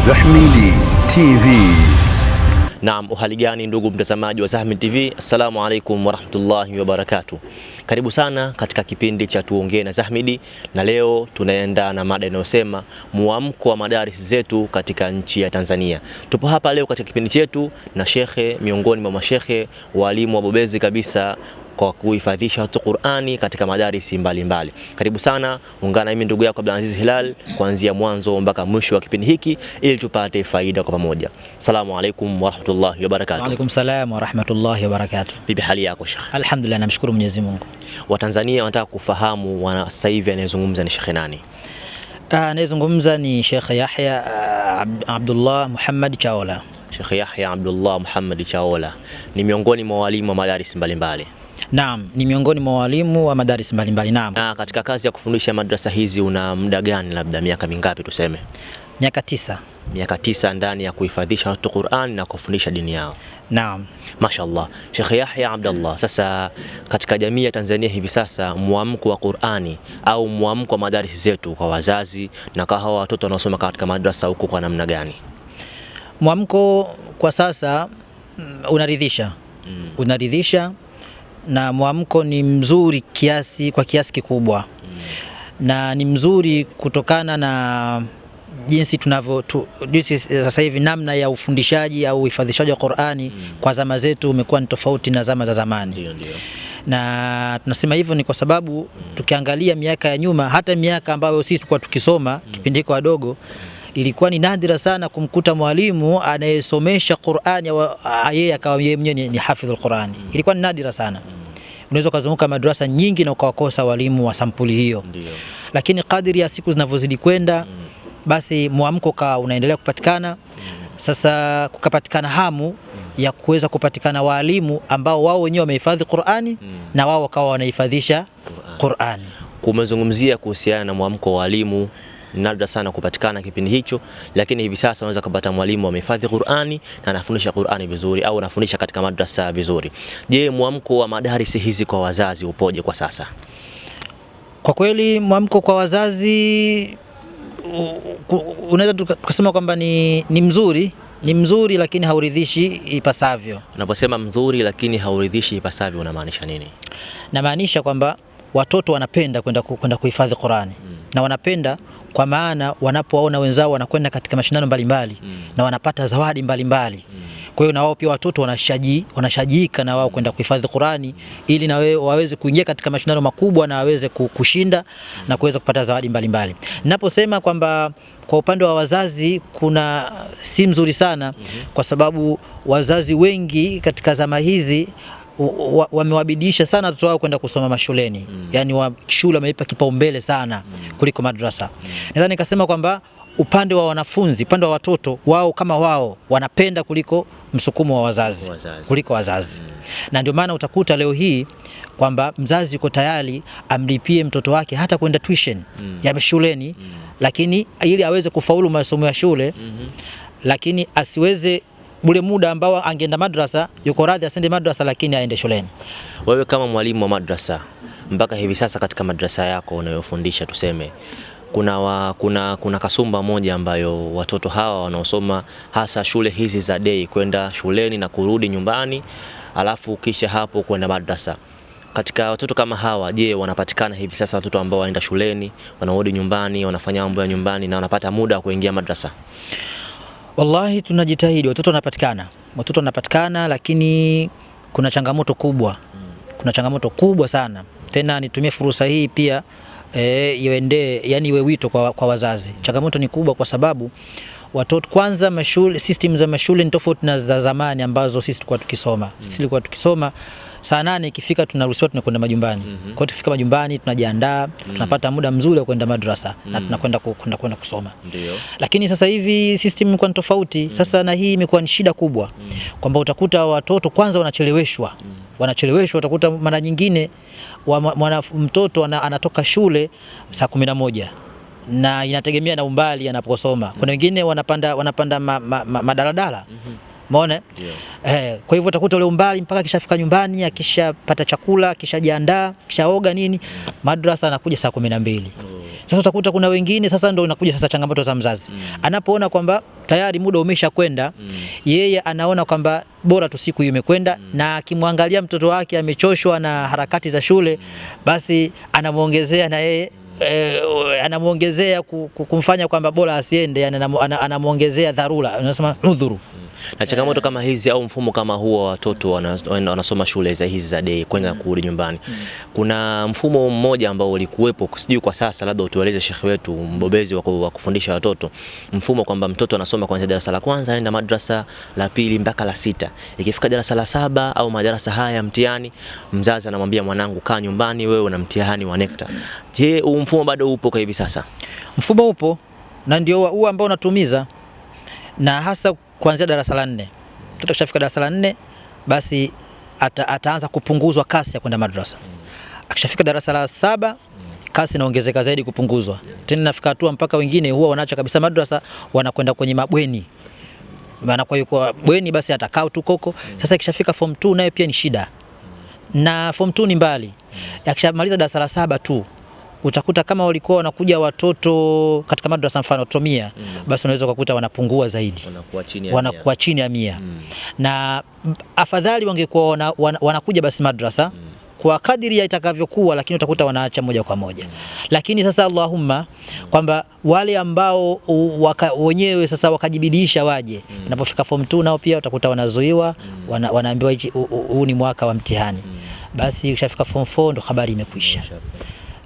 Zahmidi TV. Naam, uhali gani ndugu mtazamaji wa Zahmid TV, assalamu alaikum warahmatullahi wabarakatuh. Karibu sana katika kipindi cha tuongee na Zahmidi, na leo tunaenda na mada inayosema mwamko wa madaris zetu katika nchi ya Tanzania. Tupo hapa leo katika kipindi chetu na shekhe, miongoni mwa mashekhe walimu wabobezi kabisa kwa kuhifadhisha watu Qur'ani katika madarisi mbalimbali. Karibu sana, ungana mimi ndugu yako Abdulaziz Hilal kuanzia mwanzo mpaka mwisho wa kipindi hiki ili tupate faida kwa pamoja. Asalamu alaykum wa rahmatullahi wa barakatuh. Wa alaykum salaam wa rahmatullahi wa barakatuh. Bibi, hali yako Sheikh? Alhamdulillah, namshukuru Mwenyezi Mungu. Watanzania wanataka kufahamu wana sasa hivi anayezungumza ni Sheikh nani? Ah, anayezungumza ni Sheikh Yahya ah, Abdullah Muhammad Chaola. Sheikh Yahya Abdullah Muhammad Chaola ni miongoni mwa walimu wa madaris mbalimbali. Naam, ni miongoni mwa walimu wa madaris mbalimbali. Naam. Na katika kazi ya kufundisha madrasa hizi una muda gani, labda miaka mingapi tuseme? Miaka tisa. Miaka tisa ndani ya kuhifadhisha watu Qur'an na kufundisha dini yao. Naam. Mashaallah. Sheikh Yahya Abdallah, sasa katika jamii ya Tanzania hivi sasa mwamko wa Qur'ani au mwamko wa madaris zetu kwa wazazi na kwa hawa watoto wanaosoma katika madrasa huko kwa namna gani? Mwamko kwa sasa mm, unaridhisha. Mm. Unaridhisha na mwamko ni mzuri kiasi, kwa kiasi kikubwa na ni mzuri kutokana na jinsi tunavyo tu, jinsi sasa hivi namna ya ufundishaji au uhifadhishaji wa Qur'ani mm. kwa zama zetu umekuwa ni tofauti na zama za zamani. Ndio, ndio. Na tunasema hivyo ni kwa sababu mm. tukiangalia miaka ya nyuma, hata miaka ambayo sisi tulikuwa tukisoma mm. kipindi hiko wadogo mm ilikuwa ni nadira sana kumkuta mwalimu anayesomesha Qur'ani yeye akawa yeye mwenyewe ni hafidhul Qur'ani. Mm. Ilikuwa ni nadira sana. Mm. Unaweza kuzunguka madrasa nyingi na ukawakosa walimu wa sampuli hiyo. Ndiyo. Lakini kadiri ya siku zinavyozidi kwenda, mm. basi mwamko ka unaendelea kupatikana. Sasa kukapatikana hamu ya kuweza kupatikana waalimu ambao wao wenyewe wamehifadhi Qur'ani mm. na wao wakawa wanahifadhisha Qur'ani. Kumezungumzia kuhusiana na mwamko wa walimu nadra sana kupatikana kipindi hicho, lakini hivi sasa unaweza kupata mwalimu amehifadhi Qur'ani na anafundisha Qur'ani vizuri au anafundisha katika madrasa vizuri. Je, mwamko wa madarisi hizi kwa wazazi upoje kwa sasa? Kwa kweli mwamko kwa wazazi unaweza tukasema kwamba ni, ni mzuri ni mzuri lakini hauridhishi ipasavyo. Unaposema mzuri lakini hauridhishi ipasavyo unamaanisha nini? Namaanisha kwamba watoto wanapenda kwenda kuhifadhi Qur'ani mm. na wanapenda kwa maana wanapowaona wenzao wanakwenda katika mashindano mbalimbali mm. na wanapata zawadi mbalimbali mm. Kwa hiyo na wao pia watoto wanashaji, wanashajiika na wao mm. kwenda kuhifadhi Qurani ili na wao waweze kuingia katika mashindano makubwa na waweze kushinda mm. na kuweza kupata zawadi mbalimbali. Naposema kwamba kwa upande wa wazazi kuna si mzuri sana, mm-hmm. kwa sababu wazazi wengi katika zama hizi wamewabidisha sana watoto wao kwenda kusoma mashuleni mm. Yani wa, shule wameipa kipaumbele sana mm. kuliko madrasa mm. Nadhani nikasema kwamba upande wa wanafunzi, upande wa watoto wao kama wao wanapenda kuliko msukumo wa wazazi, wazazi. kuliko wazazi mm. na ndio maana utakuta leo hii kwamba mzazi uko tayari amlipie mtoto wake hata kwenda tuition mm. ya shuleni mm. lakini ili aweze kufaulu masomo ya shule mm -hmm. lakini asiweze ule muda ambao angeenda madrasa, yuko radhi asende madrasa, lakini aende shuleni. Wewe kama mwalimu wa madrasa mpaka hivi sasa katika madrasa yako unayofundisha tuseme kuna, wa, kuna, kuna kasumba moja ambayo watoto hawa wanaosoma hasa shule hizi za dei kwenda shuleni na kurudi nyumbani alafu kisha hapo kwenda madrasa. Katika watoto kama hawa, je, wanapatikana hivi sasa watoto ambao wanaenda shuleni wanarudi nyumbani wanafanya mambo ya nyumbani na wanapata muda wa kuingia madrasa? Wallahi, tunajitahidi, watoto wanapatikana, watoto wanapatikana, lakini kuna changamoto kubwa, kuna changamoto kubwa sana. Tena nitumie fursa hii pia eh, iendee iwende, yani iwe wito kwa, kwa wazazi. Changamoto ni kubwa kwa sababu watoto kwanza, mashule, system za mashule ni tofauti na za zamani ambazo sisi tulikuwa tukisoma. Sisi tulikuwa tukisoma saa nane ikifika tunaruhusiwa tunakwenda majumbani. Mm -hmm. Kwa hiyo tukifika majumbani tunajiandaa, mm -hmm. tunapata muda mzuri wa kwenda madrasa mm -hmm. na mhm. tunakwenda kwenda kwenda kusoma. Ndio. Lakini sasa hivi system imekuwa ni tofauti. Mm -hmm. Sasa na hii imekuwa ni shida kubwa mm -hmm. kwamba utakuta watoto kwanza wanacheleweshwa. Mm -hmm. Wanacheleweshwa, utakuta mara nyingine mwana mtoto ana, anatoka shule saa kumi na moja na inategemea na umbali anaposoma. Kuna mhm. wengine wanapanda, wanapanda madaladala ma, ma, ma, Umeona? Eh, kwa hivyo utakuta ule umbali mpaka akishafika nyumbani, akishapata chakula, akishajiandaa, akishaoga nini, mm. madrasa anakuja saa kumi na mbili. Oh. Sasa utakuta kuna wengine sasa ndio unakuja sasa changamoto za mzazi. Mm. Anapoona kwamba tayari muda umesha kwenda, mm. yeye anaona kwamba bora tu siku imekwenda, mm. na akimwangalia mtoto wake amechoshwa na harakati za shule, mm. basi anamwongezea na yeye eh, anamwongezea kumfanya kwamba bora asiende, yani anamwongezea dharura, unasema udhuru. Na changamoto kama hizi au mfumo kama huo wa watoto wanasoma shule za hizi za dei kwenda mm. kurudi nyumbani, mm. kuna mfumo mmoja ambao ulikuwepo, sijui kwa sasa, labda utueleze shekhi wetu mbobezi wa kufundisha watoto, mfumo kwamba mtoto anasoma kuanzia darasa la kwanza anaenda madrasa la pili mpaka la sita, ikifika darasa la saba au madarasa haya mtihani, mzazi anamwambia mwanangu, kaa nyumbani, wewe una mtihani wa NECTA. Je, mfumo bado upo kwa hivi sasa? Mfumo upo na ndio huo ambao unatumiza na hasa kuanzia darasa la nne. Mtoto akishafika darasa la nne basi ata, ataanza kupunguzwa kasi ya kwenda madrasa. Akishafika darasa la saba kasi inaongezeka zaidi kupunguzwa. Tena nafika hatua mpaka wengine huwa wanaacha kabisa madrasa wanakwenda kwenye mabweni. Maana kwa hiyo bweni basi atakaa tu koko. Sasa ikishafika form 2 nayo pia ni shida. Na form 2 ni mbali. Akishamaliza darasa la saba tu utakuta kama walikuwa wanakuja watoto katika madrasa mfano tomia mm. basi unaweza kukuta wanapungua zaidi, wanakuwa chini ya wanakuwa chini ya mia mm. na afadhali wangekuwa wana, wana, wanakuja basi madrasa mm. kwa kadiri ya itakavyokuwa, lakini utakuta wanaacha moja kwa moja mm. lakini sasa Allahumma mm. kwamba wale ambao waka, wenyewe sasa wakajibidisha waje mm. napofika form 2 nao pia utakuta wanazuiwa mm. wana, wanaambiwa huu ni mwaka wa mtihani mm. basi ushafika form 4 ndo habari imekwisha.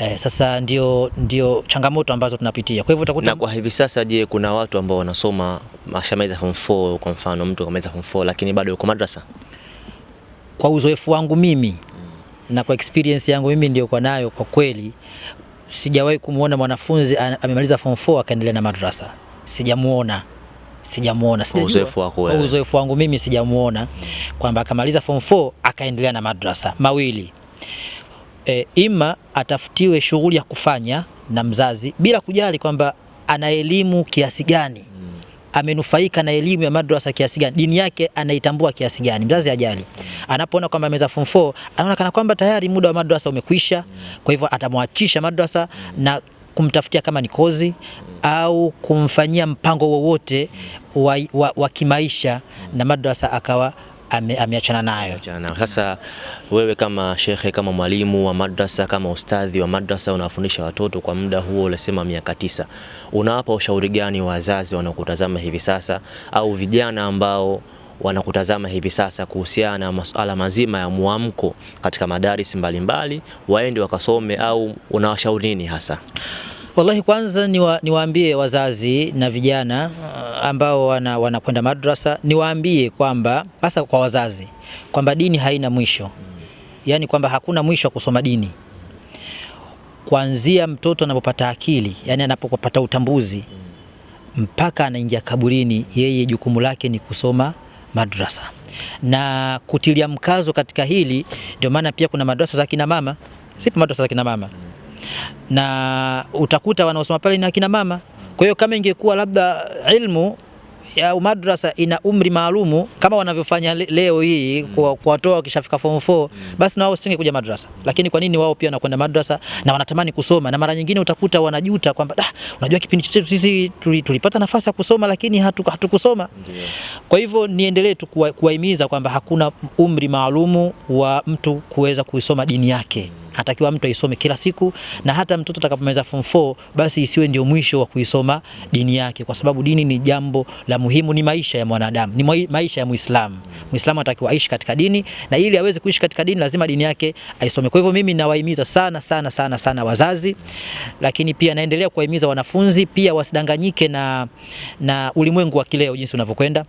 Eh, sasa ndio, ndio changamoto ambazo tunapitia. Kwa hivyo utakuta na kwa hivi sasa, je, kuna watu ambao wanasoma ashamaliza form 4 kwa mfano mtu kamaliza form 4 lakini bado yuko madrasa? Kwa uzoefu wangu mimi hmm, na kwa experience yangu mimi ndio kwa nayo kwa kweli sijawahi kumwona mwanafunzi amemaliza form 4 akaendelea na madrasa, sijamuona sijamuona uzoefu wangu mimi sijamuona mm. kwamba akamaliza form 4 akaendelea na madrasa mawili e, ima atafutiwe shughuli ya kufanya na mzazi bila kujali kwamba ana elimu kiasi gani, hmm. amenufaika na elimu ya madrasa kiasi gani, dini yake anaitambua kiasi gani. Mzazi ajali, hmm. anapoona kwamba ameza form 4 anaona kana kwamba tayari muda wa madrasa umekwisha, hmm. kwa hivyo atamwachisha madrasa na kumtafutia kama ni kozi au kumfanyia mpango wowote wa, wa, wa kimaisha na madrasa akawa ameachana nayo. Sasa wewe kama shekhe, kama mwalimu wa madrasa, kama ustadhi wa madrasa, unawafundisha watoto kwa muda huo, ulisema miaka tisa, unawapa ushauri gani wazazi wanaokutazama hivi sasa au vijana ambao wanakutazama hivi sasa kuhusiana na masuala mazima ya mwamko katika madarisi mbalimbali, waende wakasome, au unawashauri nini hasa? Wallahi, kwanza wa, niwaambie wazazi na vijana uh, ambao wanakwenda wana madrasa, niwaambie kwamba hasa kwa wazazi kwamba dini haina mwisho, yaani kwamba hakuna mwisho wa kusoma dini kuanzia mtoto anapopata akili, yani anapopata utambuzi mpaka anaingia kaburini, yeye jukumu lake ni kusoma madrasa na kutilia mkazo katika hili. Ndio maana pia kuna madrasa za kina mama, sipo madrasa za kina mama na utakuta wanaosoma pale ni akina mama. Kwa hiyo kama ingekuwa labda ilmu ya madrasa ina umri maalumu kama wanavyofanya leo hii mm. kuwatoa wakishafika form 4 mm. basi na wao kuja madrasa. Lakini kwa nini wao pia wanakwenda madrasa na wanatamani kusoma, na mara nyingine utakuta wanajuta kwamba ah, unajua kipindi chetu sisi tulipata nafasi ya kusoma lakini hatukusoma hatu. Kwa hivyo niendelee tu kuwahimiza kwamba hakuna umri maalumu wa mtu kuweza kuisoma dini yake. Mm anatakiwa mtu aisome kila siku, na hata mtoto atakapomaliza form 4 basi isiwe ndio mwisho wa kuisoma dini yake, kwa sababu dini ni jambo la muhimu, ni maisha ya mwanadamu, ni maisha ya Muislamu. Muislamu anatakiwa aishi katika dini, na ili aweze kuishi katika dini lazima dini yake aisome. Kwa hivyo mimi nawahimiza sana sana sana sana wazazi, lakini pia naendelea kuwahimiza wanafunzi pia wasidanganyike na, na ulimwengu wa kileo jinsi unavyokwenda,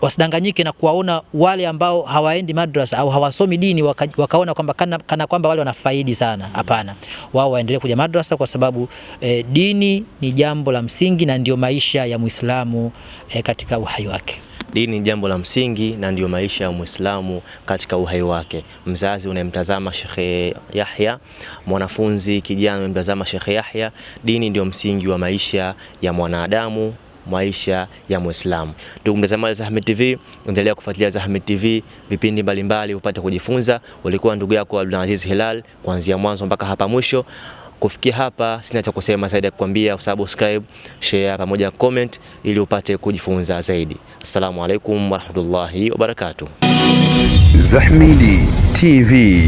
wasidanganyike na kuwaona wale ambao hawaendi madrasa au hawasomi dini waka, wakaona kwamba kana, kana kwamba wale wanafaidi zaidi sana, hapana. Wao waendelee kuja madrasa kwa sababu e, dini ni jambo la msingi na ndio maisha ya Muislamu e, katika uhai wake. Dini ni jambo la msingi na ndio maisha ya Muislamu katika uhai wake. Mzazi unayemtazama Shekhe Yahya, mwanafunzi kijana unayemtazama Shekhe Yahya, dini ndio msingi wa maisha ya mwanadamu maisha ya Muislamu. Ndugu mtazamaji Zahmid TV, endelea kufuatilia Zahmid TV vipindi mbalimbali upate kujifunza. Ulikuwa ndugu yako Abdulaziz Hilal kuanzia mwanzo mpaka hapa mwisho. Kufikia hapa sina cha kusema zaidi ya kukwambia subscribe, share pamoja na comment ili upate kujifunza zaidi. Assalamu alaikum warahmatullahi wabarakatuh. Zahmid TV